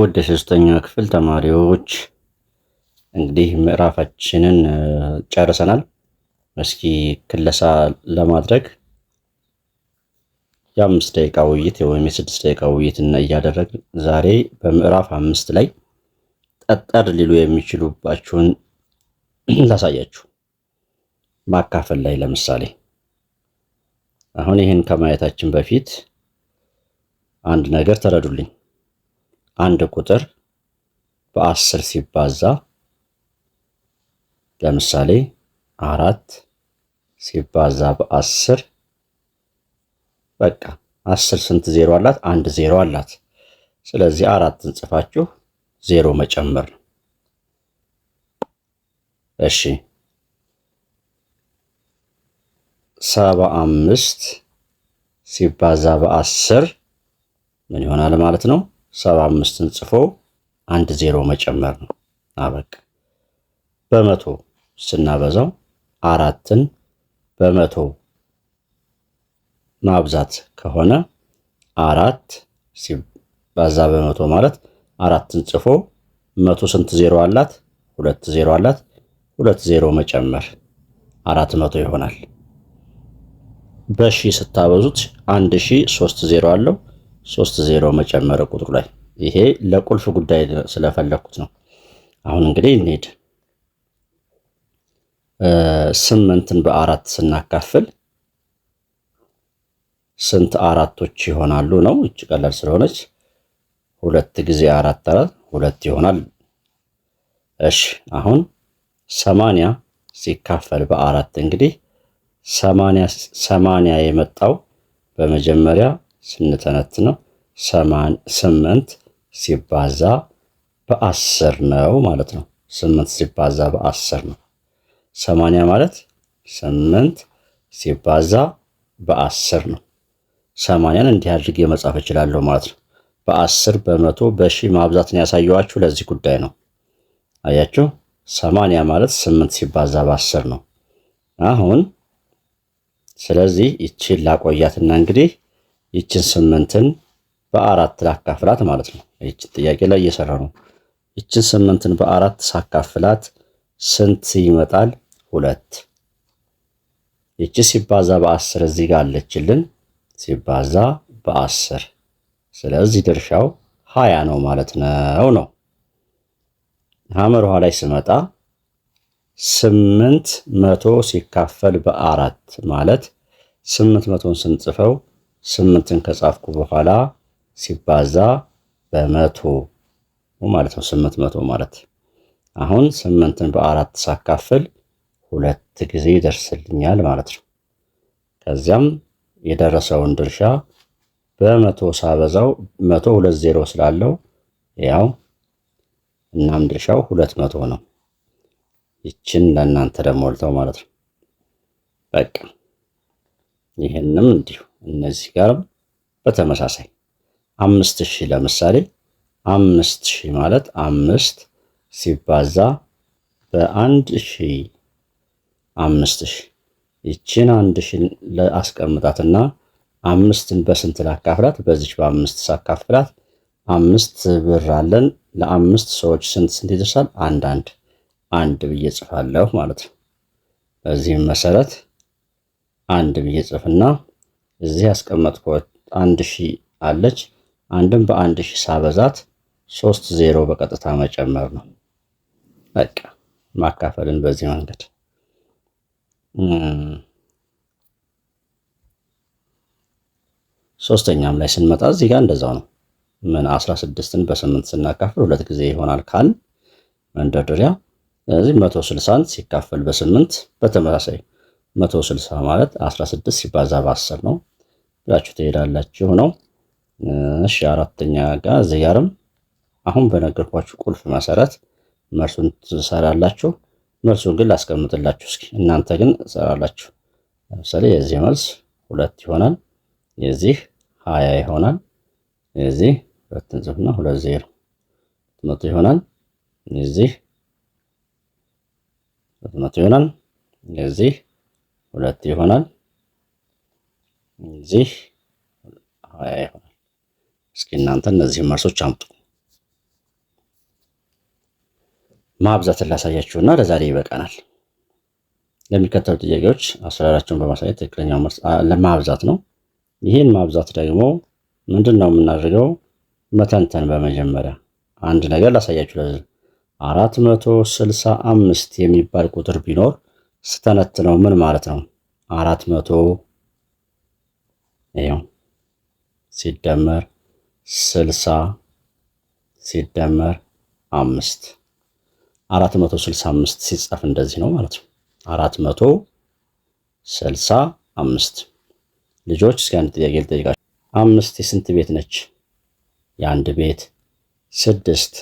ወደ ሶስተኛ ክፍል ተማሪዎች እንግዲህ ምዕራፋችንን ጨርሰናል። እስኪ ክለሳ ለማድረግ የአምስት ደቂቃ ውይይት ወይም የስድስት ደቂቃ ውይይት እና ዛሬ በምዕራፍ አምስት ላይ ጠጠር ሊሉ የሚችሉባችሁን ላሳያችሁ። ማካፈል ላይ ለምሳሌ አሁን ይህን ከማየታችን በፊት አንድ ነገር ተረዱልኝ። አንድ ቁጥር በአስር ሲባዛ ለምሳሌ አራት ሲባዛ በአስር በቃ አስር ስንት ዜሮ አላት? አንድ ዜሮ አላት። ስለዚህ አራትን ጽፋችሁ ዜሮ መጨመር ነው። እሺ ሰባ አምስት ሲባዛ በአስር ምን ይሆናል ማለት ነው? ሰባ አምስትን ጽፎ አንድ ዜሮ መጨመር ነው። አበቃ። በመቶ ስናበዛው አራትን በመቶ ማብዛት ከሆነ አራት ሲባዛ በመቶ ማለት አራትን ጽፎ መቶ ስንት ዜሮ አላት? ሁለት ዜሮ አላት። ሁለት ዜሮ መጨመር አራት መቶ ይሆናል። በሺ ስታበዙት አንድ ሺ ሶስት ዜሮ አለው ሶስት ዜሮ መጨመረ ቁጥሩ ላይ ይሄ ለቁልፍ ጉዳይ ስለፈለኩት ነው። አሁን እንግዲህ እንሄድ ስምንትን በአራት ስናካፍል ስንት አራቶች ይሆናሉ ነው። እች ቀላል ስለሆነች ሁለት ጊዜ አራት አራት ሁለት ይሆናል። እሺ አሁን ሰማንያ ሲካፈል በአራት እንግዲህ ሰማንያ የመጣው በመጀመሪያ ስንተነትነው ስምንት ሲባዛ በአስር ነው ማለት ነው። ስምንት ሲባዛ በአስር ነው ሰማንያ ማለት ስምንት ሲባዛ በአስር ነው። ሰማንያን እንዲህ አድርጌ መጻፍ እችላለሁ ማለት ነው። በአስር በመቶ በሺ ማብዛትን ያሳየኋችሁ ለዚህ ጉዳይ ነው። አያችሁ ሰማንያ ማለት ስምንት ሲባዛ በአስር ነው። አሁን ስለዚህ ይችን ላቆያትና እንግዲህ ይችን ስምንትን በአራት ላካፍላት ማለት ነው። ይችን ጥያቄ ላይ እየሰራ ነው። ይችን ስምንትን በአራት ሳካፍላት ስንት ይመጣል? ሁለት። ይቺ ሲባዛ በአስር እዚህ ጋር አለችልን ሲባዛ በአስር ስለዚህ ድርሻው ሀያ ነው ማለት ነው ነው ሀመርኋ ውሃ ላይ ስመጣ ስምንት መቶ ሲካፈል በአራት ማለት ስምንት መቶን ስንጽፈው ስምንትን ከጻፍኩ በኋላ ሲባዛ በመቶ ማለት ነው። ስምንት መቶ ማለት አሁን ስምንትን በአራት ሳካፍል ሁለት ጊዜ ይደርስልኛል ማለት ነው። ከዚያም የደረሰውን ድርሻ በመቶ ሳበዛው መቶ ሁለት ዜሮ ስላለው ያው እናም ድርሻው ሁለት መቶ ነው። ይችን ለእናንተ ደግሞ ልተው ማለት ነው በቃ ይህንም እንዲሁ እነዚህ ጋርም በተመሳሳይ አምስት ሺህ ለምሳሌ አምስት ሺህ ማለት አምስት ሲባዛ በአንድ ሺህ አምስት ሺህ ይችን አንድ ሺህ ለአስቀምጣትና አምስትን በስንት ላካፍላት? በዚች በአምስት ሳካፍላት አምስት ብር አለን። ለአምስት ሰዎች ስንት ስንት ይደርሳል? አንድ አንድ አንድ ብዬ ጽፋለሁ ማለት ነው። በዚህም መሰረት አንድ ብዬ ጽፍና እዚህ ያስቀመጥኩት አንድ ሺ አለች። አንድም በአንድ ሺ ሳበዛት ሶስት ዜሮ በቀጥታ መጨመር ነው። በቃ ማካፈልን በዚህ መንገድ ሶስተኛም ላይ ስንመጣ እዚህ ጋር እንደዛው ነው። ምን አስራ ስድስትን በስምንት ስናካፍል ሁለት ጊዜ ይሆናል ካል መንደርደሪያ። ስለዚህ መቶ ስልሳን ሲካፈል በስምንት በተመሳሳይ መቶ ስልሳ ማለት አስራ ስድስት ሲባዛ በአስር ነው ብላችሁ ትሄዳላችሁ ነው። እሺ አራተኛ ጋር እዚህ ጋርም አሁን በነገርኳችሁ ቁልፍ መሰረት መልሱን ትሰራላችሁ። መልሱን ግን ላስቀምጥላችሁ እስኪ እናንተ ግን ትሰራላችሁ። ለምሳሌ የዚህ መልስ ሁለት ይሆናል። የዚህ ሀያ ይሆናል። የዚህ ሁለት እንጽፍና ሁለት ዜሮ መቶ ይሆናል። የዚህ መቶ ይሆናል። የዚህ ሁለት ይሆናል። እዚህ ሀያ ይሆናል። እስኪ እናንተ እነዚህ መልሶች አምጡ። ማብዛትን ላሳያችሁና ለዛሬ ይበቃናል። ለሚከተሉ ጥያቄዎች አሰራራቸውን በማሳየት ትክክለኛው መልስ ለማብዛት ነው። ይህን ማብዛት ደግሞ ምንድን ነው የምናደርገው? መተንተን በመጀመሪያ አንድ ነገር ላሳያችሁ። አራት መቶ ስልሳ አምስት የሚባል ቁጥር ቢኖር ስተነትነው ምን ማለት ነው? አራት መቶ ይኸው ሲደመር ስልሳ ሲደመር አምስት አራት መቶ ስልሳ አምስት ሲጻፍ እንደዚህ ነው ማለት ነው። አራት መቶ ስልሳ አምስት ልጆች እስኪ አንድ ጥያቄ ልጠይቃቸው። አምስት የስንት ቤት ነች? የአንድ ቤት፣ ስድስት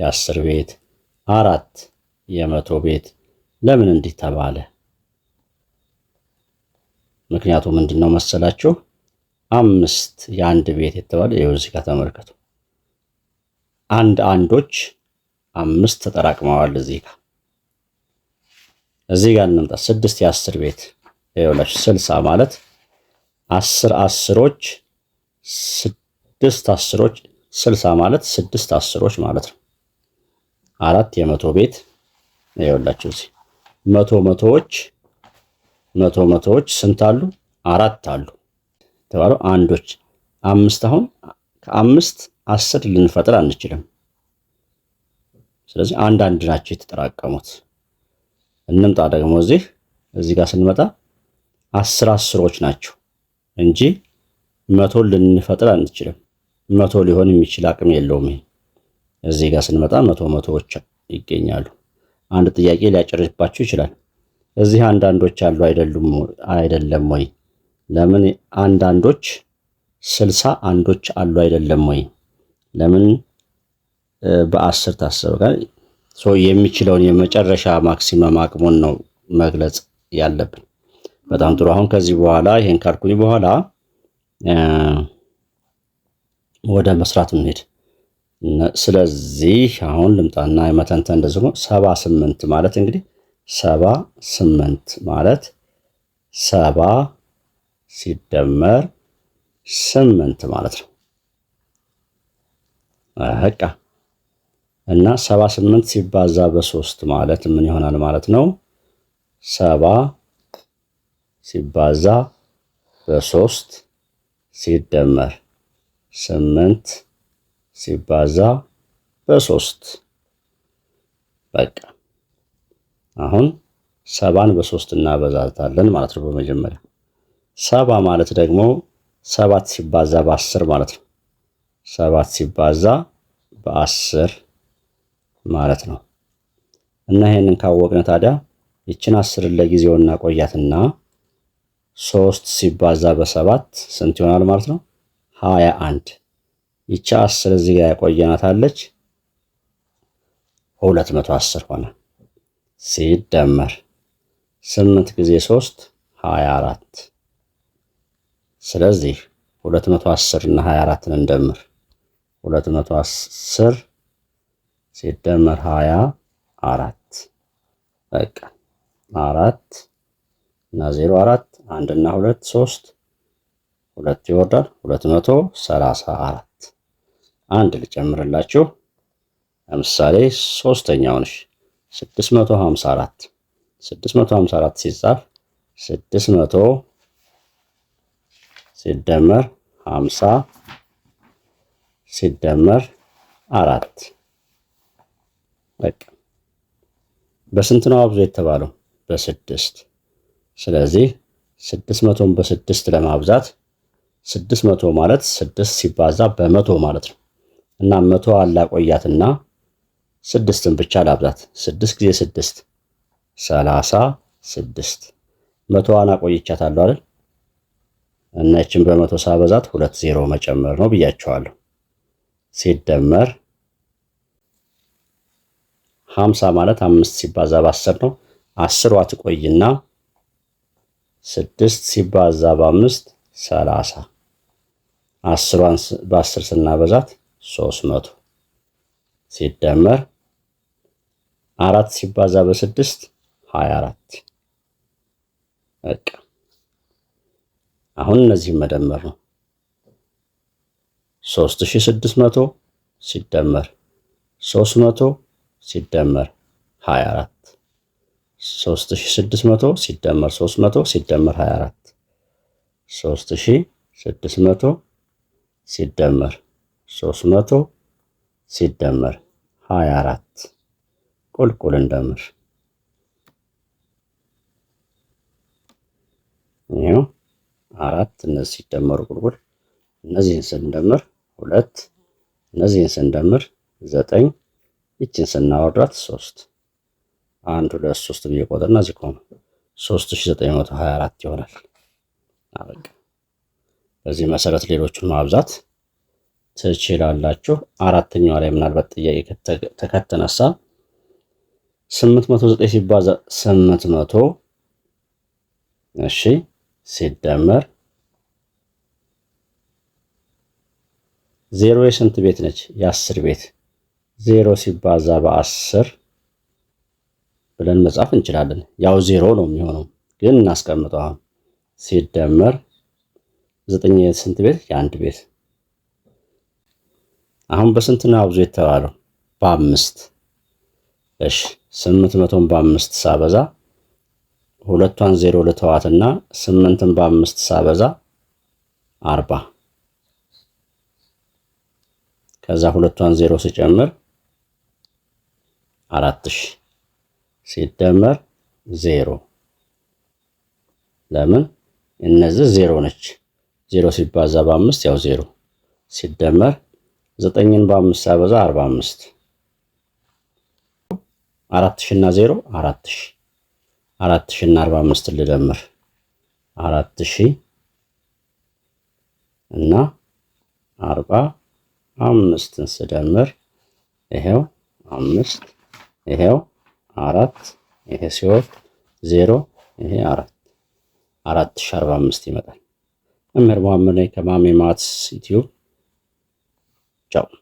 የአስር ቤት፣ አራት የመቶ ቤት ለምን እንዲህ ተባለ? ምክንያቱ ምንድን ነው መሰላችሁ? አምስት የአንድ ቤት የተባለ የዚህ ጋር ተመልከቱ። አንድ አንዶች አምስት ተጠራቅመዋል። እዚህ ጋር እዚህ ጋር እንምጣ። ስድስት የአስር ቤት ይኸውላችሁ ስልሳ ማለት አስር አስሮች ስድስት አስሮች ስልሳ ማለት ስድስት አስሮች ማለት ነው። አራት የመቶ ቤት ይኸውላችሁ እዚህ መቶ መቶዎች መቶ መቶዎች ስንት አሉ? አራት አሉ የተባለው አንዶች አምስት። አሁን ከአምስት አስር ልንፈጥር አንችልም። ስለዚህ አንድ አንድ ናቸው የተጠራቀሙት። እንምጣ ደግሞ እዚህ እዚህ ጋር ስንመጣ አስር አስሮች ናቸው እንጂ መቶ ልንፈጥር አንችልም። መቶ ሊሆን የሚችል አቅም የለውም። እዚህ ጋር ስንመጣ መቶ መቶዎች ይገኛሉ። አንድ ጥያቄ ሊያጭርባችሁ ይችላል። እዚህ አንዳንዶች አሉ አይደሉም አይደለም ወይ? ለምን አንዳንዶች ስልሳ አንዶች አሉ አይደለም ወይ? ለምን በአስር ታሰበ? የሚችለውን የመጨረሻ ማክሲመም አቅሙን ነው መግለጽ ያለብን። በጣም ጥሩ። አሁን ከዚህ በኋላ ይሄን ካልኩኝ በኋላ ወደ መስራት እንሄድ። ስለዚህ አሁን ልምጣና የመተንተን እንደዚህ ነው። ሰባ ስምንት ማለት እንግዲህ ሰባ ስምንት ማለት ሰባ ሲደመር ስምንት ማለት ነው። በቃ እና ሰባ ስምንት ሲባዛ በሶስት ማለት ምን ይሆናል ማለት ነው? ሰባ ሲባዛ በሶስት ሲደመር ስምንት ሲባዛ በሶስት በቃ አሁን ሰባን በሶስት እናበዛታለን ማለት ነው። በመጀመሪያ ሰባ ማለት ደግሞ ሰባት ሲባዛ በአስር ማለት ነው። ሰባት ሲባዛ በአስር ማለት ነው። እና ይሄንን ካወቅነ ታዲያ ይችን አስርን ለጊዜው እናቆያትና ሶስት ሲባዛ በሰባት ስንት ይሆናል ማለት ነው? ሀያ አንድ ይቺ አስር እዚህ ጋር ያቆየናት አለች ሁለት መቶ አስር ሆነ ሲደመር ስምንት ጊዜ ሶስት ሀያ አራት ስለዚህ ሁለት መቶ አስር እና ሀያ አራትን እንደምር ሁለት መቶ አስር ሲደመር ሀያ አራት በቃ አራት እና ዜሮ አራት እና ሁለት ሶስት ሁለት ይወርዳል ሁለት መቶ ሰላሳ አራት አንድ ልጨምርላችሁ። ለምሳሌ ሶስተኛው ነሽ 654 654 ሲጻፍ 600 ሲደመር 50 ሲደመር አራት በቃ በስንት ነው አብዙ የተባለው? በስድስት ስለዚህ ስድስት መቶን በስድስት ለማብዛት ስድስት መቶ ማለት ስድስት ሲባዛ በመቶ ማለት ነው። እና መቶ አላቆያትና ስድስትን ብቻ ላብዛት። ስድስት ጊዜ ስድስት ሰላሳ ስድስት መቶዋን አቆይቻታለሁ አይደል? እና ይችን በመቶ ሳበዛት ሁለት ዜሮ መጨመር ነው ብያቸዋለሁ። ሲደመር ሀምሳ ማለት አምስት ሲባዛ በአስር ነው። አስሯ ትቆይና ስድስት ሲባዛ በአምስት ሰላሳ አስሯን በአስር ስናበዛት ሶስት መቶ ሲደመር አራት ሲባዛ በስድስት ሀያ አራት በቃ አሁን እነዚህ መደመር ነው። ሶስት ስድስት መቶ ሲደመር ሶስት መቶ ሲደመር ሀያ አራት ሶስት ሺህ ስድስት መቶ ሲደመር ሶስት መቶ ሲደመር ሀያ አራት ሶስት ስድስት መቶ ሲደመር ሶስት ሲደመር ሀያ አራት ቁልቁል እንደምር ይኸው አራት እነዚህ ሲደመሩ ቁልቁል እነዚህን ስንደምር ሁለት እነዚህን ስንደምር ዘጠኝ ይችን ስናወርዳት ሶስት አንድ ሁለት ሶስት ብዬ ቆጥር እነዚህ ከሆነ ሶስት ሺ ዘጠኝ መቶ ሀያ አራት ይሆናል። አበቃ። በዚህ መሰረት ሌሎቹን ማብዛት ትችላላችሁ። አራተኛዋ ላይ ምናልባት ጥያቄ ከተነሳ 809 ሲባዛ 800 እሺ ሲደመር ዜሮ የስንት ቤት ነች? የአስር ቤት ዜሮ ሲባዛ በአስር ብለን መጻፍ እንችላለን። ያው ዜሮ ነው የሚሆነው ግን እናስቀምጠዋል። ሲደመር ዘጠኝ የስንት ቤት? የአንድ ቤት አሁን በስንት ነው አብዙ የተባለው? በአምስት እሺ፣ ስምንት መቶን በአምስት ሳበዛ ሁለቷን ዜሮ ልተዋትና ስምንትን በአምስት ሳበዛ አርባ ከዛ ሁለቷን ዜሮ ስጨምር አራት ሺ ሲደመር ዜሮ ለምን እነዚህ ዜሮ ነች። ዜሮ ሲባዛ በአምስት ያው ዜሮ ሲደመር ዘጠኝን በአምስት ሳበዛ አርባ አምስት አራት ሺ እና ዜሮ አራት ሺ አራት ሺ እና አርባ አምስት ልደምር አራት ሺ እና አርባ አምስትን ስደምር ይሄው አምስት ይሄው አራት ይሄ ሲሆን ዜሮ ይሄ አራት አራት ሺ አርባ አምስት ይመጣል። መምህር መሐመድ ነኝ ከማሜ ማትስ ዩቲዩብ Chao.